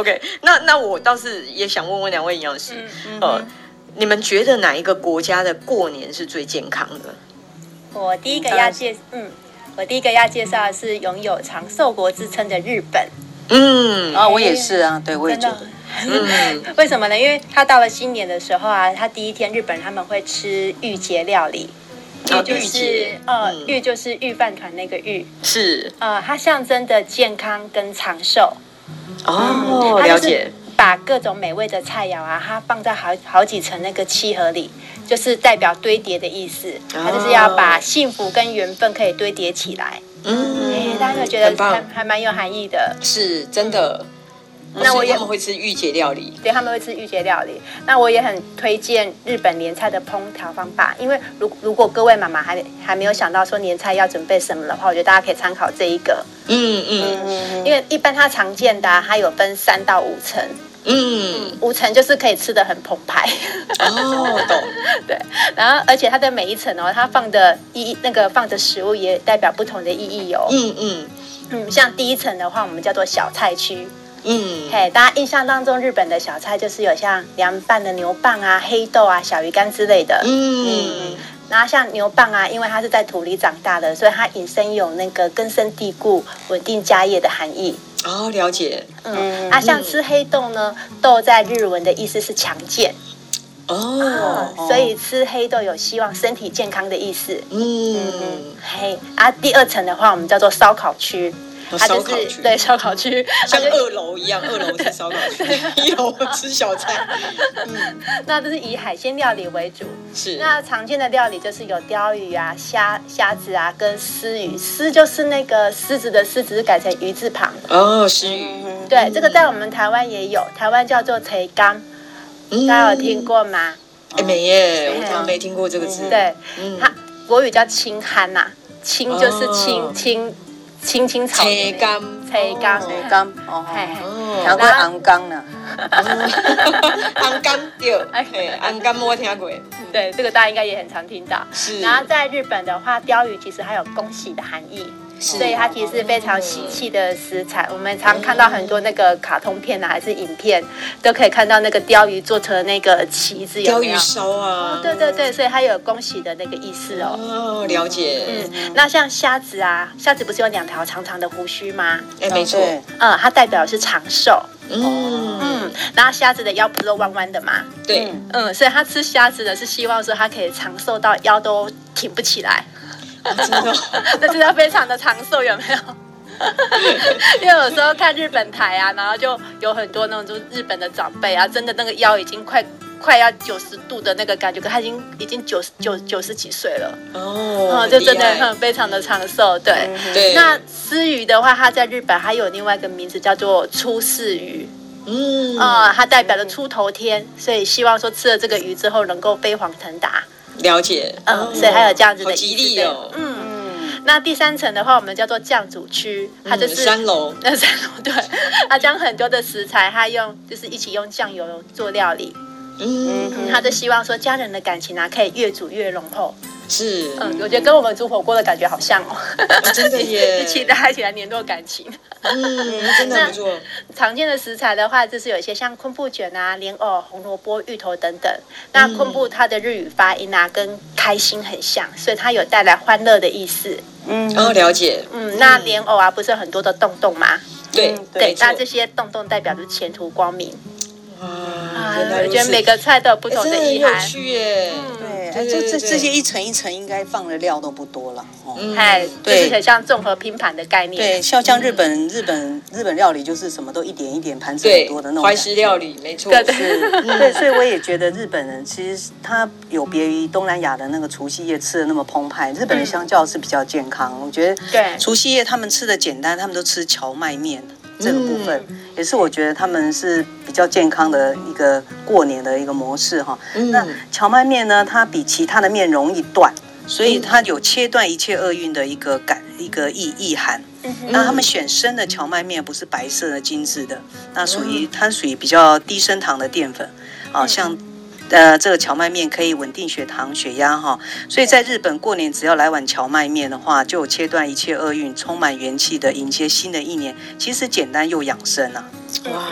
OK，那那我倒是也想問問兩位營養師，嗯嗯、呃、嗯，你們覺得哪一個國家的過年是最健康的？我第一個要介，嗯，我第一個要介紹的是擁有長壽國之稱的日本。嗯，哎、啊，我也是啊，對，我也覺得。嗯、 為什麼呢？因為他到了新年的時候啊，他第一天日本他們會吃御節料理，okay, 御就是呃御、嗯、就是御飯糰那個御，是，呃，它象徵着健康跟長壽。哦，它、嗯、就是把各種美味的菜餚啊，它放在好好幾層那個漆盒裡，就是代表堆疊的意思，哦、他就是要把幸福跟緣分可以堆疊起來。嗯，大家有覺得還，還，還蠻有含義的，是真的。那我也們、哦、會吃御節料理，對，他們會吃御節料理。那我也很推薦日本年菜的烹調方法，因為如果如果各位媽媽還還沒有想到說年菜要準備什麼的話，我覺得大家可以參考這一個。嗯嗯嗯。因為一般它常見的，啊，它有分三到五層。嗯。嗯，五層就是可以吃的很澎湃。哦，懂。 對，然後而且它的每一層哦，它放的一那個放的食物也代表不同的意義哦。嗯嗯嗯，像第一層的話，我們叫做小菜區。嗯，嘿、hey,，大家印象當中日本的小菜就是有像涼拌的牛蒡啊、黑豆啊、小魚乾之類的。嗯，嗯然後像牛蒡啊，因為它是在土裡長大的，所以它引申有那個根深蒂固、穩定家業的含義。哦，了解。嗯，嗯嗯啊，像吃黑豆呢、嗯，豆在日文的意思是強健哦。哦，所以吃黑豆有希望身體健康的意思。嗯，嘿、嗯，嗯、hey, 啊，第二層的話，我們叫做燒烤區。它就是燒對燒烤區，像二樓一樣， 二樓吃燒烤區， 一樓吃小菜。嗯 那就是以海鮮料理為主，是那常見的料理就是有鯛魚啊、蝦蝦子啊，跟鰤魚，鰤、嗯、就是那個獅子的獅子改成魚字旁。哦，虱對、嗯，這個在我們台灣也有，台灣叫做垂竿、嗯，大家有聽過嗎？哎、嗯，沒、欸、耶，嗯、我沒聽過這個字。嗯、對，嗯、它國語叫青甘吶，青就是青青。哦清清青青草，青甘、青甘、青甘，哦，哦對，聽過紅甘呢、嗯？紅甘 對，紅甘我聽過，對，這個大家應該也很常聽到。是，然後在日本的話，鯛魚其實還有恭喜的含義。所以、哦、它其實是非常喜氣的食材，嗯，我們常看到很多那個卡通片呢，啊嗯，還是影片，都可以看到那個鯛魚做成那個旗子。鯛魚燒啊！哦、對對對、哦，所以它有恭喜的那個意思哦。哦，了解。嗯，那像蝦子啊，蝦子不是有兩條長長的鬍鬚嗎？哎，沒錯。嗯，它代表的是長壽。嗯。哦、嗯、嗯，然後蝦子的腰不是都彎彎的嗎？對。嗯，嗯所以它吃蝦子的是希望說它可以長壽到腰都挺不起來。啊、真的，哦，那真的非常的長壽，有沒有？ 因為有時候看日本台啊，然後就有很多那種就是日本的長輩啊，真的那個腰已經快快要九十度的那個感覺，可他已經已經九十九九十幾歲了哦，嗯，就真的很非常的長壽。對，對，嗯。那鰤魚的話，它在日本還有另外一個名字叫做出世魚，嗯啊，嗯嗯，它代表的出頭天，所以希望說吃了這個魚之後能夠飛黃騰達。了解，嗯，所以還有這樣子的、哦，好吉利哦，嗯，那第三層的話，我們叫做醬煮區，它就是、嗯、三樓，那三樓對，它將很多的食材，它用就是一起用醬油做料理。Mm -hmm. 嗯，他就希望說家人的感情啊，可以越煮越濃厚。是嗯，嗯，我覺得跟我們煮火鍋的感覺好像哦。哦真的耶，一起大家一起來聯絡感情。嗯，真的很不錯。常見的食材的話，就是有一些像昆布卷啊、蓮藕、紅蘿蔔、芋頭等等。那昆布它的日語發音啊，跟開心很像，所以它有帶來歡樂的意思嗯。嗯，哦，了解。嗯，那蓮藕啊，不是有很多的洞洞嗎？嗯、對、嗯、對，對，那這些洞洞代表着前途光明。嗯。啊、我覺得每個菜都有不同的意涵。欸真的有趣耶，嗯、對，對，對，對，對，這這這些一層一層應該放的料都不多了哦。嗯，嗯，對對，對，就是很像綜合拼盤的概念。對，像像日本、嗯、日本日本料理就是什麼都一點一點，盤子很多的那種。懷石料理沒錯，對，對，對，嗯，所以我也覺得日本人其實他有別於東南亞的那個除夕夜吃的那麼澎湃。日本人相較是比較健康，我覺得。對。除夕夜他們吃的簡單，他們都吃蕎麥麵。這個部分也是我覺得他們是比較健康的一個過年的一個模式哈。那蕎麥麵呢，它比其他的麵容易斷，所以它有切斷一切厄運的一個感一個意意涵。那他們選生的蕎麥麵，不是白色的精緻的，那屬於它屬於比較低升糖的澱粉，啊像。呃，這個蕎麥麵可以穩定血糖、血壓哈，所以在日本過年只要來碗蕎麥麵的話，就有切斷一切厄運，充滿元氣的迎接新的一年，其實簡單又養生啊！哇，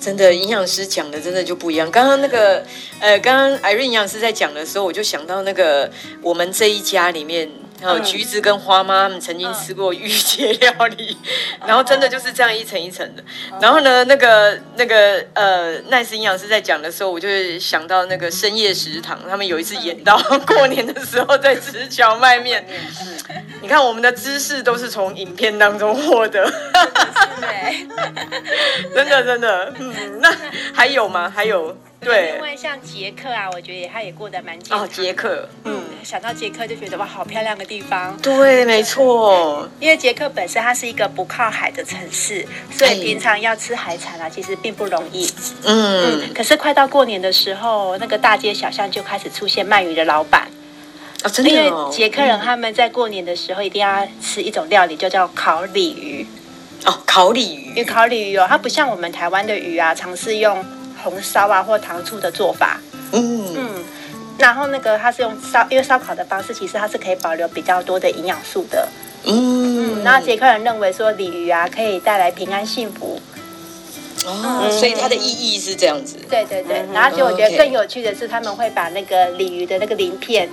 真的，營養師講的真的就不一樣。剛剛那個，呃，剛剛 Irene 營養師在講的時候，我就想到那個我們這一家裡面。然、哦、後橘子跟花媽他們曾經吃過御節料理、嗯嗯，然後真的就是這樣一層一層的。嗯嗯、然後呢，那個那個呃，奈、NICE、斯營養師在講的時候，我就是想到那個深夜食堂，他們有一次演到過年的時候在吃蕎麥麵、嗯。你看我們的知識都是從影片當中獲得，對、嗯， 真的真的，嗯，那還有嗎？還有。對，因為像捷克啊，我覺得也他也過得蠻哦。捷克，嗯，想到捷克就覺得哇，好漂亮的地方。對，沒錯。嗯、因為捷克本身它是一個不靠海的城市，所以平常要吃海產啊，哎、其實並不容易嗯。嗯，可是快到過年的時候，那個大街小巷就開始出現賣魚的老闆。哦，真的哦、因為捷克人他們在過年的時候一定要吃一種料理，就叫烤鯉魚。哦，烤鯉魚。烤鯉魚哦，它不像我們台灣的魚啊，嘗試用。紅燒啊，或糖醋的做法，嗯,嗯然後那個它是用燒，因為燒烤的方式，其實它是可以保留比較多的營養素的，嗯，嗯然後捷克人認為說鯉魚啊可以帶來平安幸福，哦，嗯、所以它的意義是這樣子，對對對、嗯，然後其實我覺得更有趣的是，他們會把那個鯉魚的那個鱗片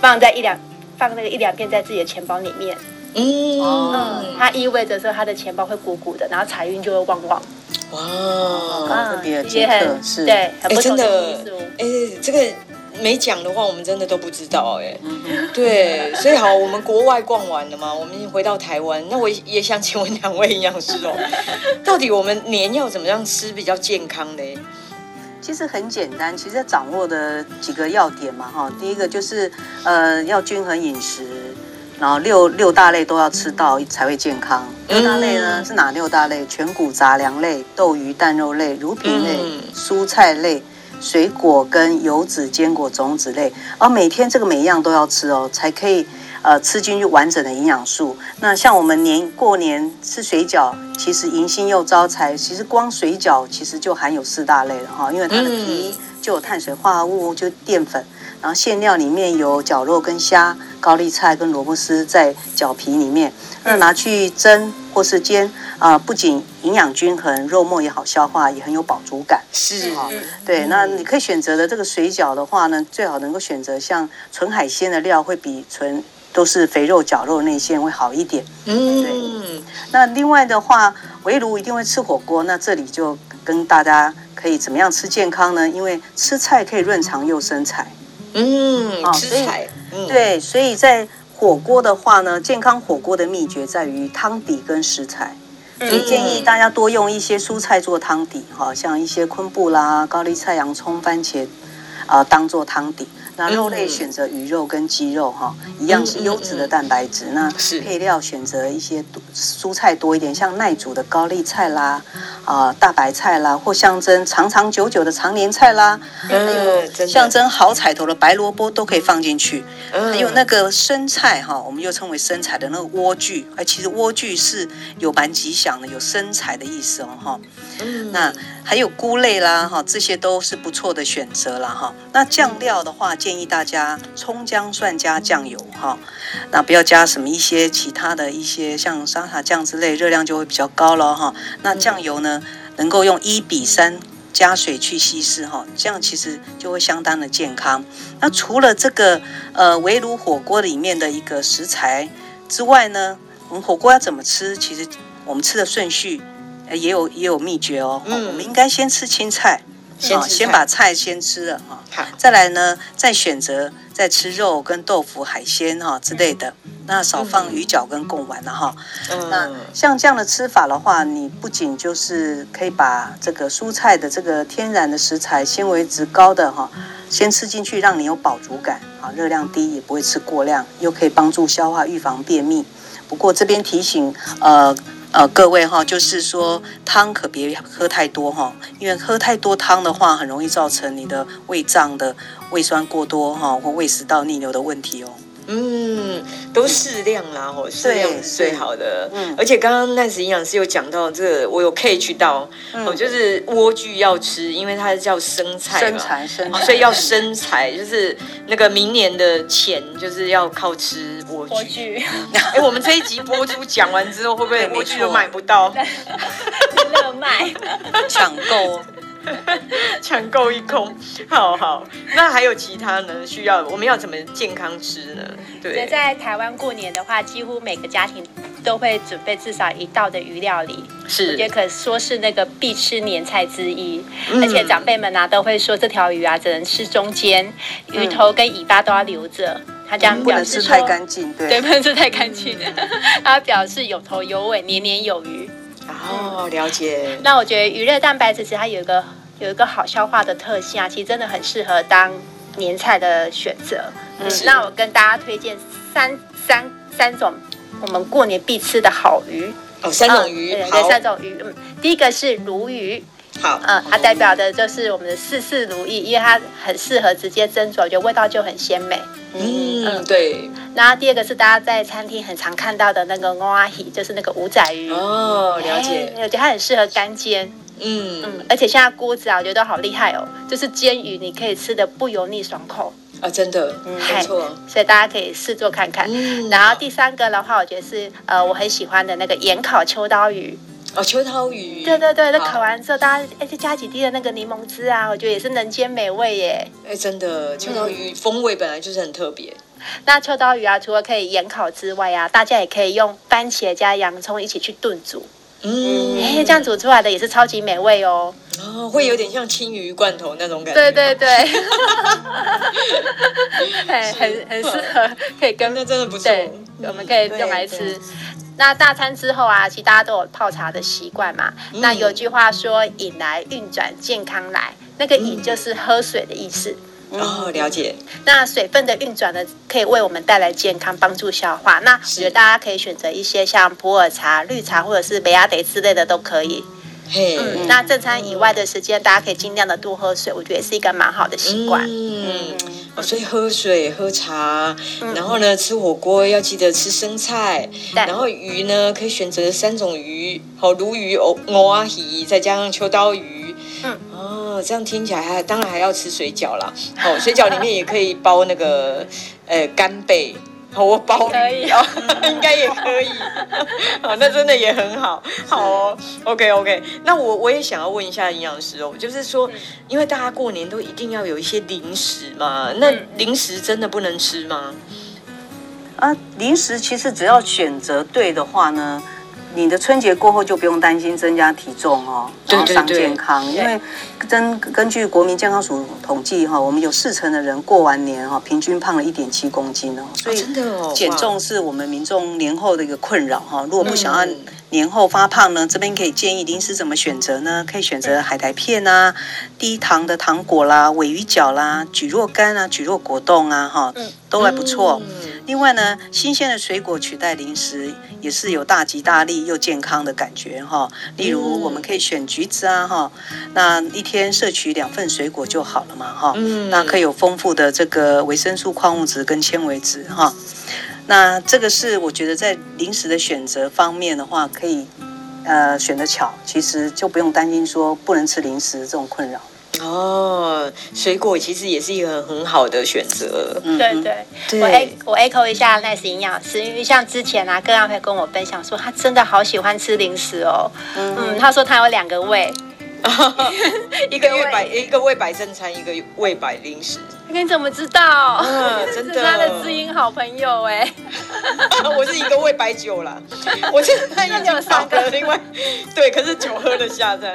放在一兩，放那個一兩片在自己的錢包裡面，嗯，它、哦嗯、意味着說他的錢包會鼓鼓的，然後財運就會旺旺。哇，特別的結合是對，哎、欸，真的，哎、欸，這個沒講的話，我們真的都不知道、欸，哎、嗯，對、嗯，所以好， 我們國外逛完了嘛，我們已經回到台灣，那我也想請問兩位營養師哦，到底我們年要怎麼樣吃比較健康呢？其實很簡單，其實要掌握的幾個要點嘛，哈，第一個就是呃，要均衡飲食。然後六六大類都要吃到才會健康。六大類呢是哪六大類？全穀雜糧類、豆魚蛋肉類、乳品類、蔬菜類、水果跟油脂堅果種子類。而每天這個每一樣都要吃哦，才可以呃吃進去完整的營養素。那像我們年過年吃水餃，其實迎新又招財。其實光水餃其實就含有四大類了哈哦，因為它的皮就有碳水化合物，就澱粉。然後餡料裡面有絞肉跟蝦、高麗菜跟蘿蔔絲在餃皮裡面。那拿去蒸或是煎啊、呃，不僅營養均衡，肉末也好消化，也很有飽足感。是啊，嗯、對。那你可以選擇的這個水餃的話呢，最好能夠選擇像純海鮮的料，會比純都是肥肉絞肉內餡會好一點。對嗯。那另外的話，圍爐一定會吃火鍋，那這裡就跟大家可以怎麼樣吃健康呢？因為吃菜可以潤腸又生財。嗯，食材、嗯哦所以，對，所以在火鍋的話呢，健康火鍋的秘訣在於湯底跟食材，所以建議大家多用一些蔬菜做湯底，哈、哦，像一些昆布啦、高麗菜、洋蔥、番茄，啊、呃，當做湯底。嗯、那肉類選擇魚肉跟雞肉哈，一樣是優質的蛋白質、嗯。那配料選擇一些蔬菜多一點，像耐煮的高麗菜啦，啊、呃、大白菜啦，或象徵長長久久的長年菜啦，還、嗯、有、那個，象徵好彩頭的白蘿蔔都可以放進去、嗯。還有那個生菜哈，我們又稱為生菜的那個萵苣，哎，其實萵苣是有蠻吉祥的，有生財的意思哦哈。那還有菇類啦，哈，這些都是不錯的選擇啦。哈。那醬料的話，建議大家蔥薑蒜加醬油哈。那不要加什麼一些其他的一些像沙茶醬之類，熱量就會比較高了哈。那醬油呢，能夠用一比三加水去稀釋哈，這樣其實就會相當的健康。那除了這個呃圍爐火鍋裡面的一個食材之外呢，我們火鍋要怎麼吃？其實我們吃的順序。也有也有祕訣哦、嗯，我們應該先吃青菜，先，菜、哦、先把菜先吃了哈、哦，再來呢，再選擇再吃肉跟豆腐、海鮮哈、哦、之類的，那少放魚餃跟貢丸了哈、嗯嗯。那像這樣的吃法的話，你不僅就是可以把這個蔬菜的這個天然的食材、纖維質高的哈、哦，先吃進去，讓你有飽足感啊、哦，熱量低也不會吃過量，又可以幫助消化、預防便秘。不過這邊提醒呃。呃，各位哈、哦，就是說湯可別喝太多哈、哦，因為喝太多湯的話，很容易造成你的胃脹的、胃酸過多哈、哦，或胃食道逆流的問題哦。嗯，都適量啦，哦，適量是最好的。嗯，而且剛剛奈時營養師有講到這個，我有 catch 到，我、嗯哦、就是萵苣要吃，因為它是叫生菜嘛，生生哦、所以要生財， 就是那個明年的錢就是要靠吃。火炬，哎，我們這一集播出講完之後，會不會火炬都買不到？熱賣，搶購，搶購一空。好好，那還有其他呢？需要我們要怎麼健康吃呢？對，在台灣過年的話，幾乎每個家庭都會準備至少一道的魚料理，是，也可說是那個必吃年菜之一。嗯、而且長輩們呢、啊，都會說這條魚啊，只能吃中間，魚頭跟尾巴都要留着。嗯他講不能吃太乾淨，對，對不能吃太乾淨。 他表示有頭有尾，年年有餘。哦，了解。嗯、那我覺得魚類蛋白質其實它有一個有一個好消化的特性啊，其實真的很適合當年菜的選擇。嗯，那我跟大家推薦三三三種我們過年必吃的好魚。哦，三種魚。嗯、對，對，三種魚。嗯，第一個是鱸魚。好，嗯，它、啊、代表的就是我們的事事如意，因為它很適合直接蒸煮，我覺得味道就很鮮美。嗯,嗯,嗯，對。然後第二個是大家在餐廳很常看到的那個烏拉就是那個五仔魚。哦，了解，哎、我覺得它很適合乾煎。嗯嗯，而且現在鍋子啊，我覺得都好厲害哦，就是煎魚你可以吃得不油膩、爽口。啊，真的，嗯，沒錯、啊。所以大家可以試做看看。嗯、然後第三個的話，我覺得是呃，我很喜歡的那個鹽烤秋刀魚。哦，秋刀魚，對對對，那烤完之後，大家哎再加幾滴的那個檸檬汁啊，我覺得也是人間美味耶。哎，真的，秋刀魚風味本來就是很特別。嗯、那秋刀魚啊，除了可以鹽烤之外啊，大家也可以用番茄加洋蔥一起去燉煮，嗯,嗯，這樣煮出來的也是超級美味哦。哦，會有點像鯖魚罐頭那種感覺。對對對。哎， 很很適合可以跟，那真的不錯，對嗯、我們可以用來吃。對對對那大餐之後啊，其實大家都有泡茶的習慣嘛、嗯。那有句話說“飲來運轉健康來”，那個“飲”就是喝水的意思、嗯。哦，了解。那水分的運轉呢，可以為我們帶來健康，幫助消化。那我覺得大家可以選擇一些像普洱茶、綠茶或者是北亞黛之類的都可以。嘿、hey, 嗯嗯，那正餐以外的時間、嗯，大家可以儘量的多喝水，我覺得也是一個蠻好的習慣。嗯，嗯哦、所以喝水、喝茶，嗯、然後呢，吃火鍋要記得吃生菜，嗯、然後魚呢、嗯、可以選擇三種魚，好、哦，鱸魚、歐、歐阿喜，再加上秋刀魚。嗯，哦，這樣聽起來還當然還要吃水餃啦。好、哦，水餃裡面也可以包那個 呃干貝。好，我包可以哦，嗯、應該也可以。 那真的也很好，好哦。OK，OK，okay, okay, 那我我也想要問一下營養師哦，就是說、嗯，因為大家過年都一定要有一些零食嘛，嗯、那零食真的不能吃嗎？嗯？啊，零食其實只要選擇對的話呢。你的春節過後就不用擔心增加體重哦，然後傷健康。因為根根據國民健康署統計哈，我們有四成的人過完年哈，平均胖了一點七公斤哦。所以減重是我們民眾年後的一個困擾哈。如果不想要。年後發胖呢，這邊可以建議零食怎麼選擇呢？可以選擇海苔片啊，低糖的糖果啦，鮪魚角啦，蒟蒻乾啊，蒟蒻果凍啊，哈，都還不錯。另外呢，新鮮的水果取代零食，也是有大吉大利又健康的感覺哈。例如我們可以選橘子啊，哈，那一天攝取兩份水果就好了嘛，哈，那可以有豐富的這個維生素、礦物質跟纖維質哈。那這個是我覺得在零食的選擇方面的話，可以，呃，選得巧,其實就不用擔心說不能吃零食這種困擾。哦，水果其實也是一個很好的選擇，嗯。對對，對，對，我 A, 我 echo 一下奈斯營養師，因為像之前啊，哥哥會跟我分享說，他真的好喜歡吃零食哦。嗯，嗯，他說他有兩個胃。哦、一個胃擺一個胃擺正餐，一個胃擺零食。你怎麼知道？啊、真的，是他的知音好朋友哎、啊。我是一個胃擺酒啦 是了，我現在已經三個，另外 對，可是酒喝得下在。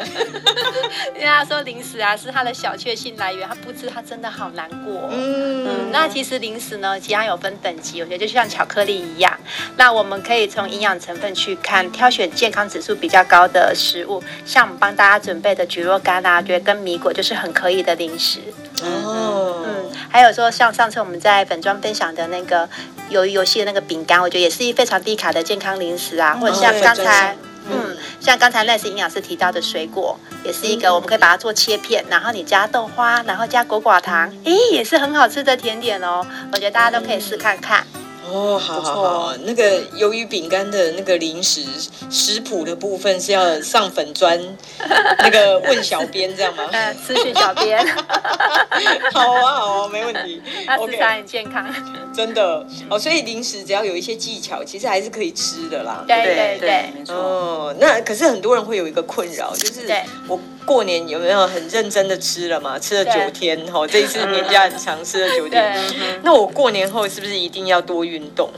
人 家說零食啊，是他的小確幸來源，他不吃，他真的好難過、哦嗯。嗯，那其實零食呢，其他有分等級，我覺得就像巧克力一樣。那我們可以從營養成分去看，挑選健康指數比較高的食物，像我們幫大家準備。的橘肉乾啊，覺得跟米果就是很可以的零食哦、oh. 嗯。嗯，還有說像上次我們在粉專分享的那個魷魚遊戲的那個餅乾，我覺得也是一非常低卡的健康零食啊。或者像剛才，oh, yeah, 嗯，像剛才賴斯營養師提到的水果、嗯，也是一個我們可以把它做切片，然後你加豆花，然後加果寡糖，哎、欸，也是很好吃的甜點哦。我覺得大家都可以試看看。嗯哦、oh，好好，好好，那個魷魚餅乾的那個零食食譜的部分是要上粉專，那個問小編這樣嗎？嗯、 呃，私訊小編。 好啊，好啊，沒問題。OK，他很健康。真的哦，oh, 所以零食只要有一些技巧，其實還是可以吃的啦。對對對，對對 oh, 沒錯。哦，那可是很多人會有一個困擾，就是我過年有沒有很認真的吃了嘛？吃了九天哈，oh, 這一次年假很長，吃了九天。 那我過年後是不是一定要多運？運動，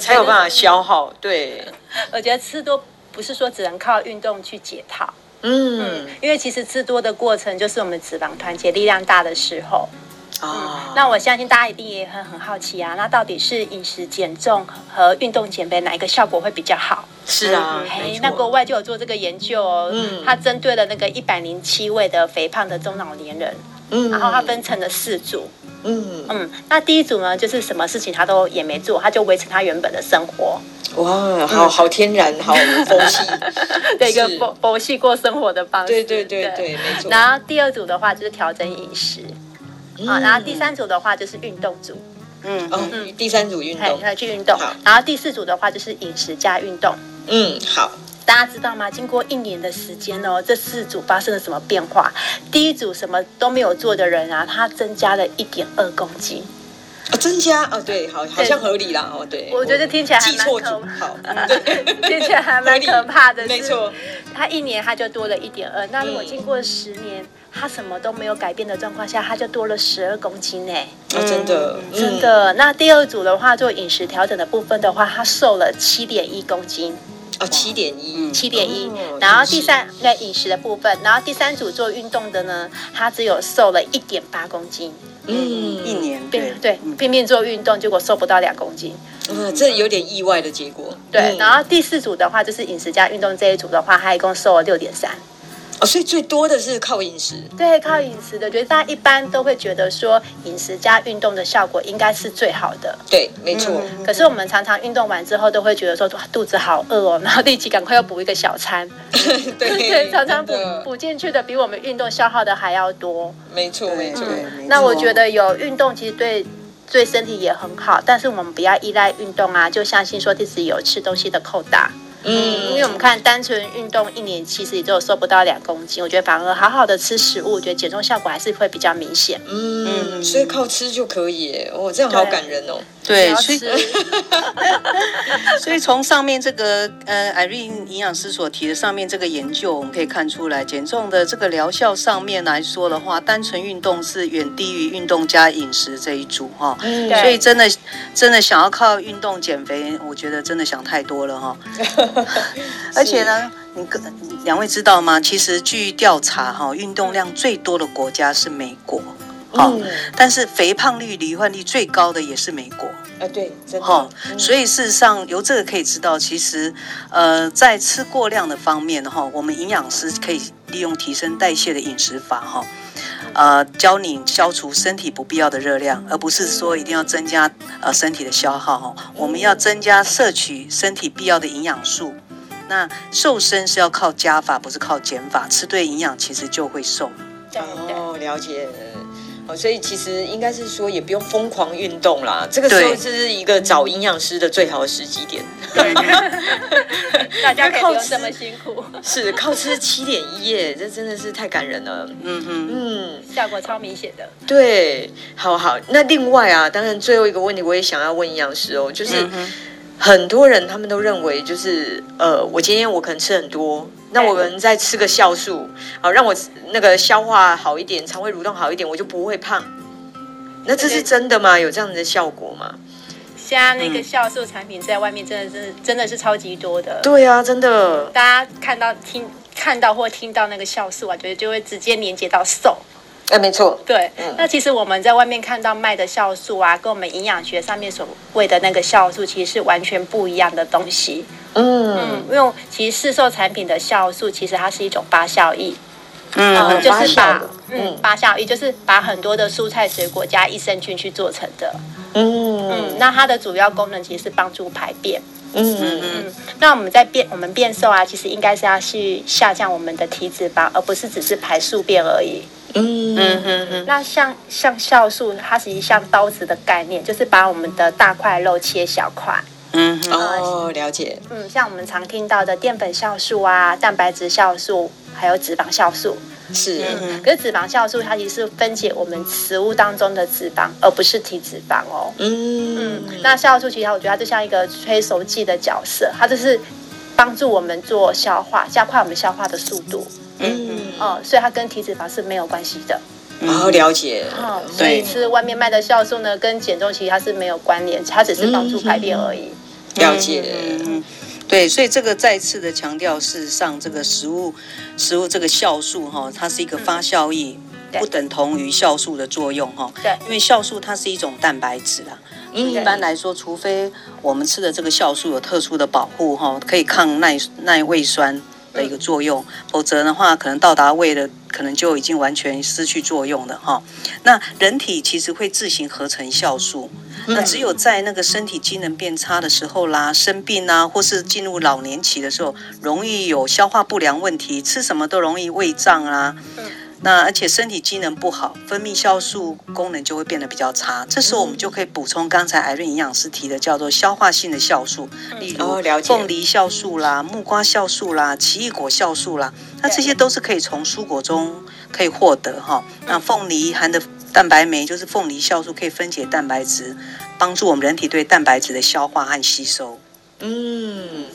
才有辦法消耗。對，我覺得吃多不是說只能靠運動去解套、嗯。嗯，因為其實吃多的過程就是我們脂肪團結力量大的時候。啊、嗯，那我相信大家一定也很很好奇啊，那到底是飲食減重和運動減肥哪一個效果會比較好？是啊，嗯、沒錯。那國外就有做這個研究、哦，嗯，他針對了那個一百零七位的肥胖的中老年人、嗯，然後他分成了四組。嗯嗯，那第一組呢，就是什麼事情他都也沒做，他就維持他原本的生活。哇，好、嗯、好天然，好佛系 ，一個佛佛系過生活的方式。對對對對，對，對，沒錯，然後第二組的話就是調整飲食、嗯，啊，然後第三組的話就是運動組。嗯嗯嗯、哦，第三組運動，要、嗯、去運動。然後第四組的話就是飲食加運動。嗯，好。大家知道嗎？經過一年的時間呢、哦，這四組發生了什麼變化？第一組什麼都沒有做的人啊，他增加了一點二公斤。哦、增加哦，對，好，好像合理啦。哦，對。我覺得聽起來還蠻可怕的。好。聽起來還蠻可怕的。沒錯，他一年他就多了一點二。那如果經過十年、嗯，他什麼都沒有改變的狀況下，他就多了十二公斤呢、哦？真的、嗯。真的。那第二組的話，做飲食調整的部分的話，他瘦了七點一公斤。七點一，七點一。然後第三，那、哦、飲食的部分。然後第三組做運動的呢，他只有瘦了一點八公斤。嗯，一年，對、對，拼命、嗯、做運動，結果瘦不到兩公斤嗯嗯。嗯，這有點意外的結果。對，嗯、然後第四組的話，就是飲食加運動這一組的話，他一共瘦了六點三。哦、所以最多的是靠飲食，對，靠飲食的。覺得大家一般都會覺得說，飲食加運動的效果應該是最好的。對，沒錯。嗯嗯、可是我們常常運動完之後，都會覺得說，肚子好餓哦，然後立即趕快要補一個小餐。對， 對，常常補補進去的比我們運動消耗的還要多。沒錯，沒錯。嗯、沒錯，那我覺得有運動其實對對身體也很好，但是我們不要依賴運動啊，就相信說，自己有吃東西的扣打。嗯，因為我們看單純運動一年，其實也只有瘦不到兩公斤。我覺得反而好好的吃食物，我覺得減重效果還是會比較明顯。嗯，嗯，所以靠吃就可以，哦，這樣好感人哦。對，所以 所以從上面這個呃，Irene 營養師所提的上面這個研究，我們可以看出來，減重的這個療效上面來說的話，單純運動是遠低於運動加飲食這一組哈、哦嗯。所以真的真的想要靠運動減肥，我覺得真的想太多了哈、哦。而且呢，你跟兩位知道嗎？其實據調查哈、哦，運動量最多的國家是美國。哦、但是肥胖率、罹患率最高的也是美國。哎、啊，對，真的、哈、哦，所以事實上由這個可以知道，其實，呃，在吃過量的方面，哈、哦，我們營養師可以利用提升代謝的飲食法，哈，呃，教你消除身體不必要的熱量，而不是說一定要增加、嗯、呃身體的消耗，哈、哦，我們要增加攝取身體必要的營養素。那瘦身是要靠加法，不是靠減法，吃對營養其實就會瘦。哦，了解。哦，所以其實應該是說也不用瘋狂運動啦，這個時候是一個找營養師的最好的時機點。對 大家靠吃這麼辛苦，是靠吃七點一耶，這真的是太感人了。嗯嗯嗯，效果超明顯的。對，好好。那另外啊，當然最後一個問題我也想要問營養師哦，就是。嗯很多人他們都認為，就是呃，我今天我可能吃很多，那我們再吃個酵素，好、欸啊、讓我那個消化好一點，腸胃蠕動好一點，我就不會胖。那這是真的嗎？對對對，有這樣子的效果嗎？現在那個酵素產品在外面真的真的真的是超級多的。嗯。對啊，真的。大家看到聽看到或聽到那個酵素啊，覺得就會直接連接到瘦、so。哎，沒錯。對、嗯，那其實我們在外面看到賣的酵素啊，跟我們營養學上面所謂的那個酵素，其實是完全不一樣的東西。嗯嗯，因為其實市售產品的酵素，其實它是一種發酵液嗯。嗯，就是把嗯，發酵液就是把很多的蔬菜水果加益生菌去做成的。嗯嗯，嗯，那它的主要功能其實是幫助排便。嗯嗯嗯，嗯。那我們在變我們變瘦啊，其實應該是要去下降我們的體脂肪，而不是只是排宿便而已。嗯，那像像酵素，它是一像刀子的概念，就是把我們的大塊肉切小塊。嗯，哦，了解。嗯，像我們常聽到的澱粉酵素啊，蛋白質酵素，還有脂肪酵素。是。嗯，可是，脂肪酵素它其實是分解我們食物當中的脂肪，而不是體脂肪哦。嗯，嗯，那酵素其實，我覺得它就像一個催熟劑的角色，它就是。幫助我們做消化，加快我們消化的速度。嗯嗯，哦，所以它跟體脂肪是沒有關係的。嗯、哦，了解。哦，所以吃外面賣的酵素呢，跟減重其實它是沒有關聯，它只是幫助排便而已、嗯。了解。嗯，對，所以這個再次的強調，事實上這個食物，食物這個酵素哈、哦，它是一個發酵液。嗯不等同於酵素的作用哦，對，因為酵素它是一種蛋白質啊。嗯。一般來說，除非我們吃的這個酵素有特殊的保護哈，可以抗耐耐胃酸的一個作用，否則的話，可能到達胃的可能就已經完全失去作用了哈。那人體其實會自行合成酵素，那只有在那個身體機能變差的時候啦，生病啊，或是進入老年期的時候，容易有消化不良問題，吃什麼都容易胃脹啊。那而且身體機能不好，分泌酵素功能就會變得比較差。這時候我們就可以補充剛才艾瑞營養師提的，叫做消化性的酵素，例如、哦、了解。鳳梨酵素啦、木瓜酵素啦、奇異果酵素啦。那這些都是可以從蔬果中可以獲得哈。那鳳梨含的蛋白酶就是鳳梨酵素，可以分解蛋白質，幫助我們人體對蛋白質的消化和吸收。嗯。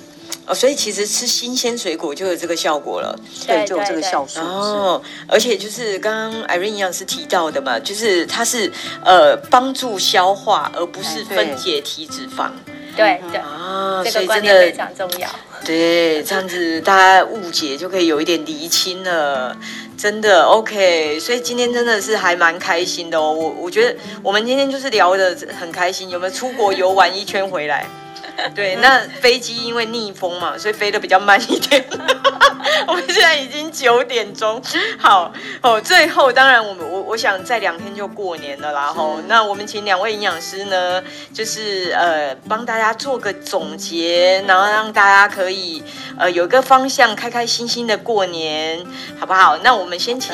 哦，所以其實吃新鮮水果就有這個效果了，對，就有這個效果。哦，而且就是剛剛 Irene 營養師提到的嘛，就是它是呃幫助消化，而不是分解體脂肪。對對，對啊，這個觀念非常重要。對，這樣子大家誤解就可以有一點釐清了，真的 OK。所以今天真的是還蠻開心的哦，我我覺得我們今天就是聊得很開心，有沒有出國遊玩一圈回來？ 對，那飛機因為逆風嘛，所以飛得比較慢一點。 我們現在已經九點鐘，好、哦、最後，當然我們我我想再兩天就過年了啦吼、哦。那我們請兩位營養師呢，就是呃幫大家做個總結，嗯、然後讓大家可以、呃、有一個方向，開開心心的過年，好不好？那我們先請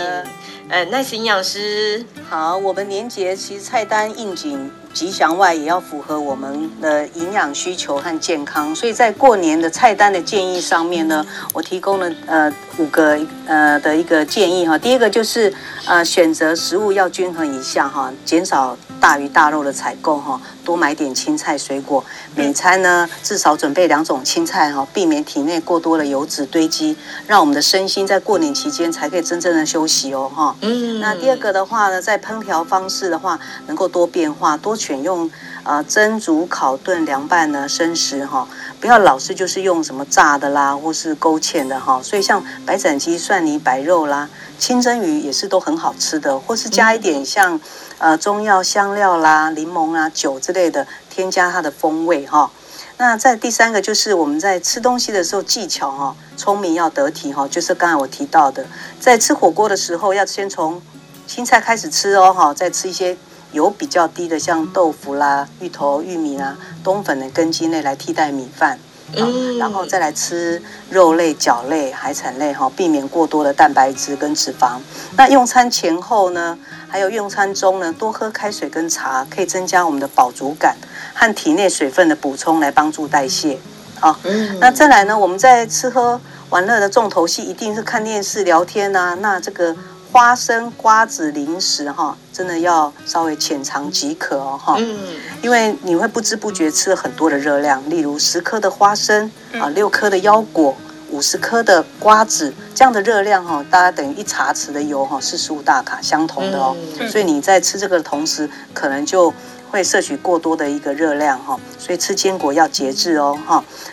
呃奈斯、呃呃 NICE、營養師，好，我們年節其實菜單應景。吉祥外，也要符合我們的營養需求和健康。所以在過年的菜單的建議上面呢，我提供了呃五個呃的一個建議哈。第一個就是呃選擇食物要均衡一下哈，減少。大魚大肉的採購哈，多買點青菜水果。每餐呢，至少準備兩種青菜哈，避免體內過多的油脂堆積，讓我們的身心在過年期間才可以真正的休息哦哈。那第二個的話呢，在烹調方式的話，能夠多變化，多選用。啊，蒸、煮、烤、燉、涼拌呢，生食哈、哦，不要老是就是用什麼炸的啦，或是勾芡的哈、哦。所以像白斬雞、蒜泥白肉啦，清蒸魚也是都很好吃的，或是加一點像呃中藥香料啦、檸檬啊、酒之類的，添加它的風味哈、哦。那再第三個就是我們在吃東西的時候技巧哈，聰明，要得體哈、哦，就是剛才我提到的，在吃火鍋的時候要先從青菜開始吃哦哈、哦，再吃一些。有比較低的，像豆腐啦、芋頭、玉米啦、啊、冬粉的根莖類來替代米飯，嗯、啊，然後再來吃肉類、角類、海產類哈，避免過多的蛋白質跟脂肪，嗯。那用餐前後呢，還有用餐中呢，多喝開水跟茶，可以增加我們的飽足感和體內水分的補充，來幫助代謝啊，嗯。那再來呢，我們在吃喝玩樂的重頭戲一定是看電視、聊天啊，那這個。花生、瓜子、零食，哈，真的要稍微淺嘗即可哦，嗯。因為你會不知不覺吃了很多的熱量，例如十顆的花生啊，六顆的腰果，五十顆的瓜子，這樣的熱量哈，大家等於一茶匙的油哈，是四十五大卡相同的哦。所以你在吃這個的同時，可能就會攝取過多的一個熱量哈。所以吃堅果要節制哦，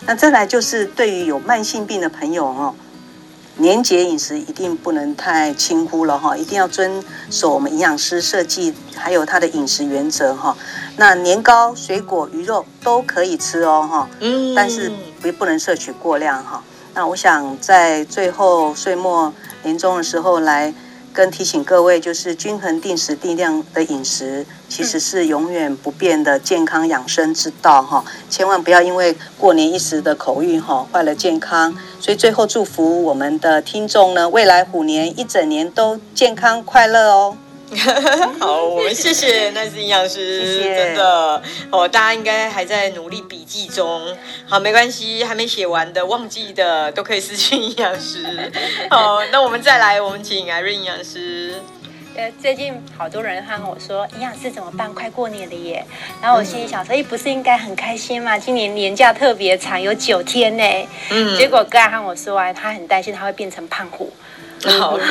那再來就是對於有慢性病的朋友哦。年節飲食一定不能太輕忽了哈，一定要遵守我們營養師設計還有它的飲食原則哈。那年糕、水果、魚肉都可以吃哦哈，嗯，但是不能攝取過量哈。那我想在最後歲末年終的時候來。跟提醒各位，就是均衡、定時、定量的飲食，其實是永遠不變的健康養生之道哈。千萬不要因為過年一時的口欲，哈，壞了健康。所以最後祝福我們的聽眾呢，未來虎年一整年都健康快樂哦。 好，我們謝謝，那是營養師謝謝，真的哦。大家應該還在努力筆記中，好，沒關係，還沒寫完的、忘記的，都可以私訊營養師。 好，那我們再來，我們請 Irene 營養師。呃，最近好多人和我說，營養師怎麼辦？快過年了耶。然後我心裡想說，哎，不是應該很開心嗎？今年年假特別長，有九天呢。嗯。結果哥還和我說，啊、他很擔心他會變成胖虎。好對，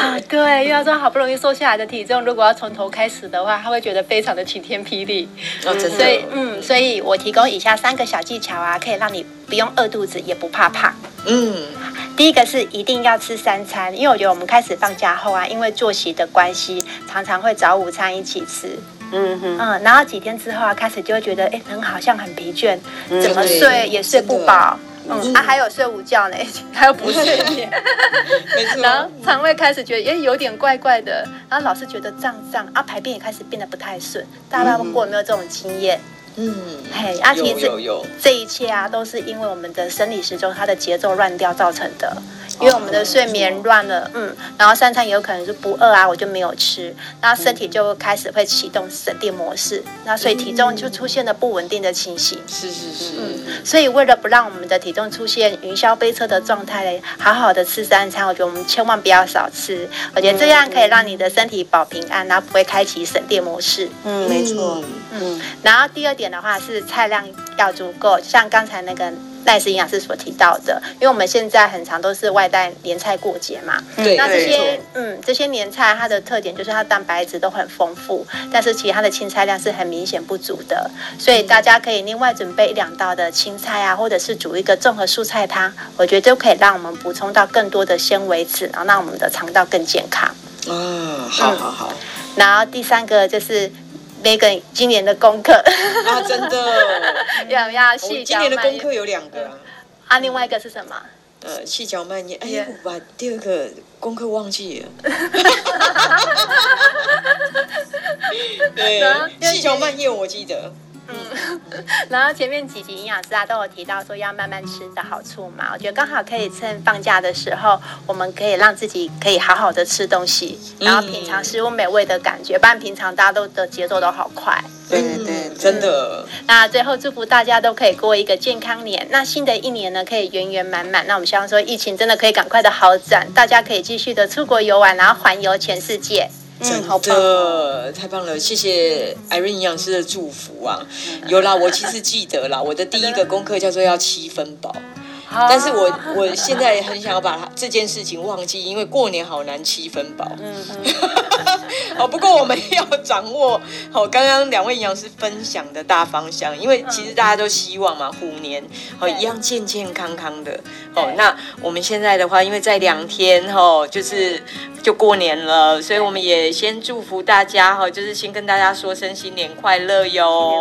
因為他說好不容易瘦下來的體重，如果要從頭開始的話，他會覺得非常的晴天霹靂，嗯。所以，嗯，所以我提供以下三個小技巧啊，可以讓你不用餓肚子，也不怕胖。嗯。第一個是一定要吃三餐，因為我覺得我們開始放假後啊，因為作息的關係，常常會早午餐一起吃。嗯哼、嗯。嗯，然後幾天之後啊，開始就會覺得，哎，人好像很疲倦，嗯，怎麼睡也睡不飽。嗯，他、啊、還有睡午覺呢，還有補睡眠， 然後腸胃、嗯、開始覺得也有點怪怪的，然後老是覺得脹脹，啊排便也開始變得不太順，大家有過沒有這種經驗？嗯嗯，嘿，阿、啊、其實，這這一切啊，都是因為我們的生理時鐘它的節奏亂掉造成的。因為我們的睡眠亂了、哦，嗯，然後三餐有可能是不餓啊，我就沒有吃，那身體就開始會啟動省電模式、嗯，那所以體重就出現了不穩定的情形。嗯、是是是，是，嗯，所以為了不讓我們的體重出現雲霄飛車的狀態嘞，好好的吃三餐，我覺得我們千萬不要少吃，我覺得這樣可以讓你的身體保平安，然後不會開啟省電模式。嗯，嗯沒錯、嗯嗯嗯，嗯，然後第二點。的話是菜量要足夠，像剛才那個賴斯營養師所提到的，因為我們現在很常都是外帶年菜過節嘛，對，那這些嗯，這些年菜它的特點就是它的蛋白質都很豐富，但是其他的青菜量是很明顯不足的，所以大家可以另外準備一兩道的青菜啊，或者是煮一個綜合蔬菜湯，我覺得都可以讓我們補充到更多的纖維質，然後讓我們的腸道更健康。啊、哦，好好好、嗯。然後第三個就是。雷根今年的功課。 啊，真的要要細嚼慢，今年的功課有兩個啊、嗯，啊，另外一個是什麼？呃，細嚼慢嚥。Yeah. 哎呀，我把第二個功課忘記了。 對，細、嗯、嚼慢嚥我記得。嗯，然後前面幾集營養師啊都有提到說要慢慢吃的好處嘛，我覺得剛好可以趁放假的時候，我們可以讓自己可以好好的吃東西，然後品嘗食物美味的感覺，不然平常大家都的節奏都好快。對對對，真的。嗯，那最後祝福大家都可以過一個健康年，那新的一年呢，可以圓圓滿滿。那我們希望說疫情真的可以趕快的好轉，大家可以繼續的出國遊玩，然後環遊全世界。嗯，真的好棒哦，太棒了，謝謝艾瑞營養師的祝福啊！有啦，我其實記得啦，我的第一個功課叫做要七分飽。但是我我現在也很想要把它這件事情忘記，因為過年好難七分飽。嗯，嗯 好，不過我們要掌握好剛剛兩位營養師分享的大方向，因為其實大家都希望嘛，虎年哦一樣健健康康的。哦，那我們現在的話，因為再兩天哈，就是就過年了，所以我們也先祝福大家哈，就是先跟大家說聲新年快樂喲。